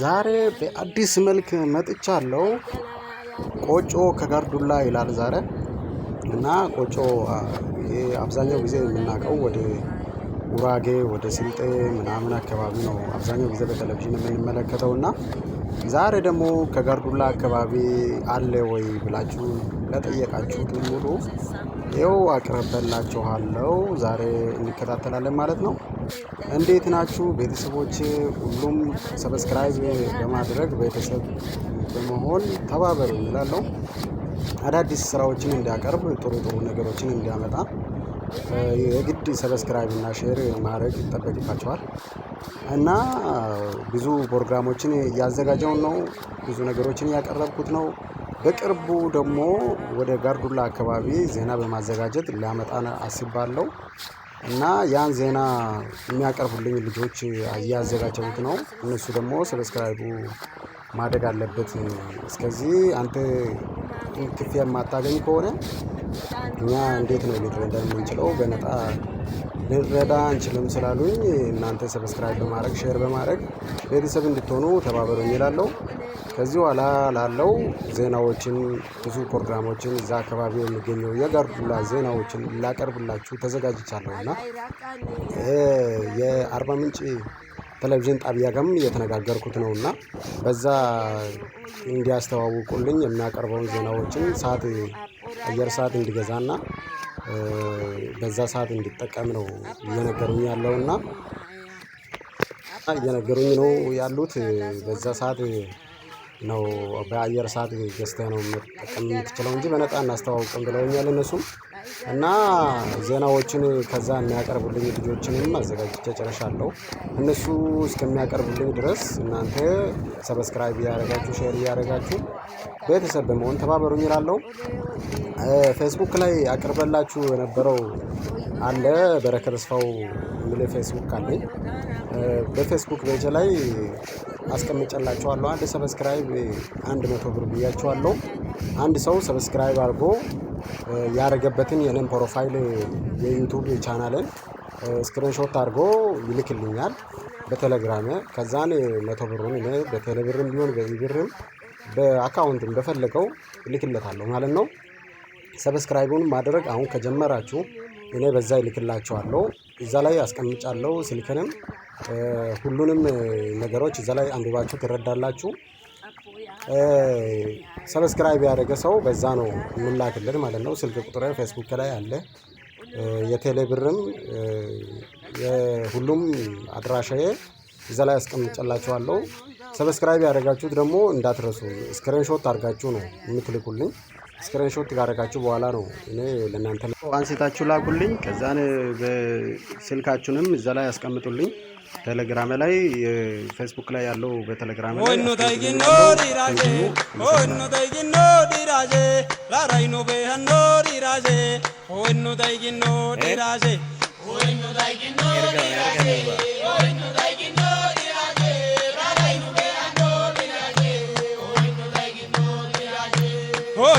ዛሬ በአዲስ መልክ መጥቻለሁ። ቆጮ ከጋርዱላ ይላል ዛሬ እና ቆጮ አብዛኛው ጊዜ የምናውቀው ወደ ጉራጌ ወደ ስልጤ ምናምን አካባቢ ነው አብዛኛው ጊዜ በቴሌቪዥን የምንመለከተው እና ዛሬ ደግሞ ከጋርዱላ አካባቢ አለ ወይ ብላችሁ ለጠየቃችሁት ሙሉ ይኸው አቅርበላችኋለሁ። ዛሬ እንከታተላለን ማለት ነው። እንዴት ናችሁ ቤተሰቦች ሁሉም ሰብስክራይብ በማድረግ ቤተሰብ በመሆን ተባበሩ እላለሁ። አዳዲስ ስራዎችን እንዲያቀርብ ጥሩ ጥሩ ነገሮችን እንዲያመጣ የግድ ሰብስክራይብ እና ሼር ማድረግ ይጠበቅባቸዋል። እና ብዙ ፕሮግራሞችን እያዘጋጀውን ነው፣ ብዙ ነገሮችን እያቀረብኩት ነው። በቅርቡ ደግሞ ወደ ጋርዱላ አካባቢ ዜና በማዘጋጀት ሊያመጣ አስባለሁ። እና ያን ዜና የሚያቀርቡልኝ ልጆች እያዘጋጀሁት ነው። እነሱ ደግሞ ሰብስክራይቡ ማደግ አለበት። እስከዚህ አንተ ክፍያ የማታገኝ ከሆነ እኛ እንዴት ነው ልንረዳ የምንችለው? በነጣ ልንረዳ አንችልም ስላሉኝ እናንተ ሰብስክራይብ በማድረግ ሼር በማድረግ ቤተሰብ እንድትሆኑ ተባበሩኝ ይላለው። ከዚህ በኋላ ላለው ዜናዎችን ብዙ ፕሮግራሞችን እዛ አካባቢ የሚገኘው የጋርዱላ ዜናዎችን ላቀርብላችሁ ተዘጋጅቻለሁ እና የአርባ ምንጭ ቴሌቪዥን ጣቢያ ጋርም እየተነጋገርኩት ነው እና በዛ እንዲያስተዋውቁልኝ የሚያቀርበውን ዜናዎችን ሰዓት አየር ሰዓት እንዲገዛና በዛ ሰዓት እንዲጠቀም ነው እየነገሩኝ ያለው እና እየነገሩኝ ነው ያሉት። በዛ ሰዓት ነው በአየር ሰዓት ገዝተህ ነው መጠቀም የምትችለው እንጂ በነጣ እናስተዋውቅም ብለውኛል እነሱም እና ዜናዎችን ከዛ የሚያቀርቡልኝ ልጆችንም አዘጋጅቼ ጨርሻለሁ። እነሱ እስከሚያቀርቡልኝ ድረስ እናንተ ሰብስክራይብ እያደረጋችሁ ሼር እያደረጋችሁ ቤተሰብ በመሆን ተባበሩኝ ይላለው። ፌስቡክ ላይ አቅርበላችሁ የነበረው አለ በረከት ተስፋው የሚል ፌስቡክ አለኝ። በፌስቡክ ቤጅ ላይ አስቀምጨላችኋለሁ። አንድ ሰብስክራይብ አንድ መቶ ብር ብያችኋለሁ። አንድ ሰው ሰብስክራይብ አድርጎ ያደረገበትን የኔን ፕሮፋይል የዩቱብ ቻናልን ስክሪንሾት አድርጎ ይልክልኛል በቴሌግራም። ከዛን መቶ ብሩን በቴሌብርም ቢሆን በዚህ ብርም በአካውንት እንደፈለገው እልክለታለሁ ማለት ነው። ሰብስክራይቡን ማድረግ አሁን ከጀመራችሁ እኔ በዛ ይልክላችኋለሁ። እዛ ላይ አስቀምጫለሁ ስልክንም ሁሉንም ነገሮች እዛ ላይ አንብባችሁ ትረዳላችሁ። ሰብስክራይብ ያደረገ ሰው በዛ ነው የምላክልን ማለት ነው። ስልክ ቁጥር ፌስቡክ ላይ አለ። የቴሌብርም የሁሉም አድራሻዬ እዛ ላይ ያስቀምጨላችኋለሁ። ሰብስክራይብ ያደረጋችሁት ደግሞ እንዳትረሱ፣ ስክሪንሾት አድርጋችሁ ነው የምትልኩልኝ። ስክሪንሾት ካደረጋችሁ በኋላ ነው እኔ ለእናንተ አንስታችሁ ላኩልኝ። ከዛን በስልካችሁንም እዛ ላይ አስቀምጡልኝ። ቴሌግራም ላይ ፌስቡክ ላይ ያለው በቴሌግራም ላይ ሆኖ ታይጊኖ ዲራጄ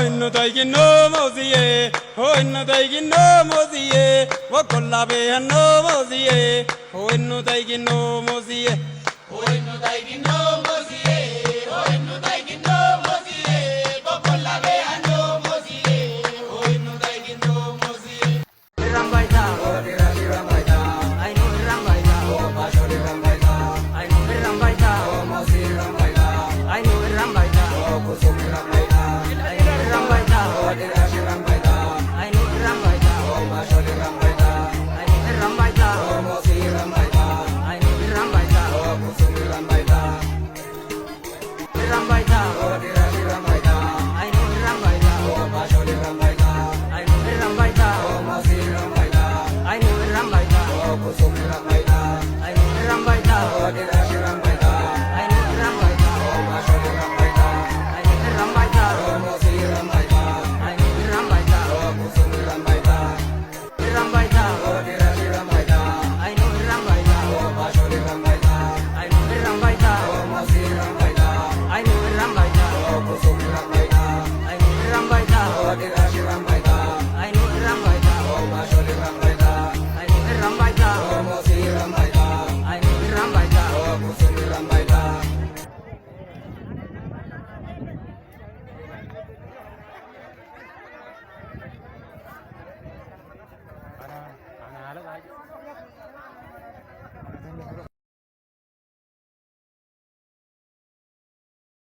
Hoyno daigi no moziye, hoyno daigi no moziye, wo kollabe no moziye, hoyno daigi no moziye, hoyno daigi no moziye.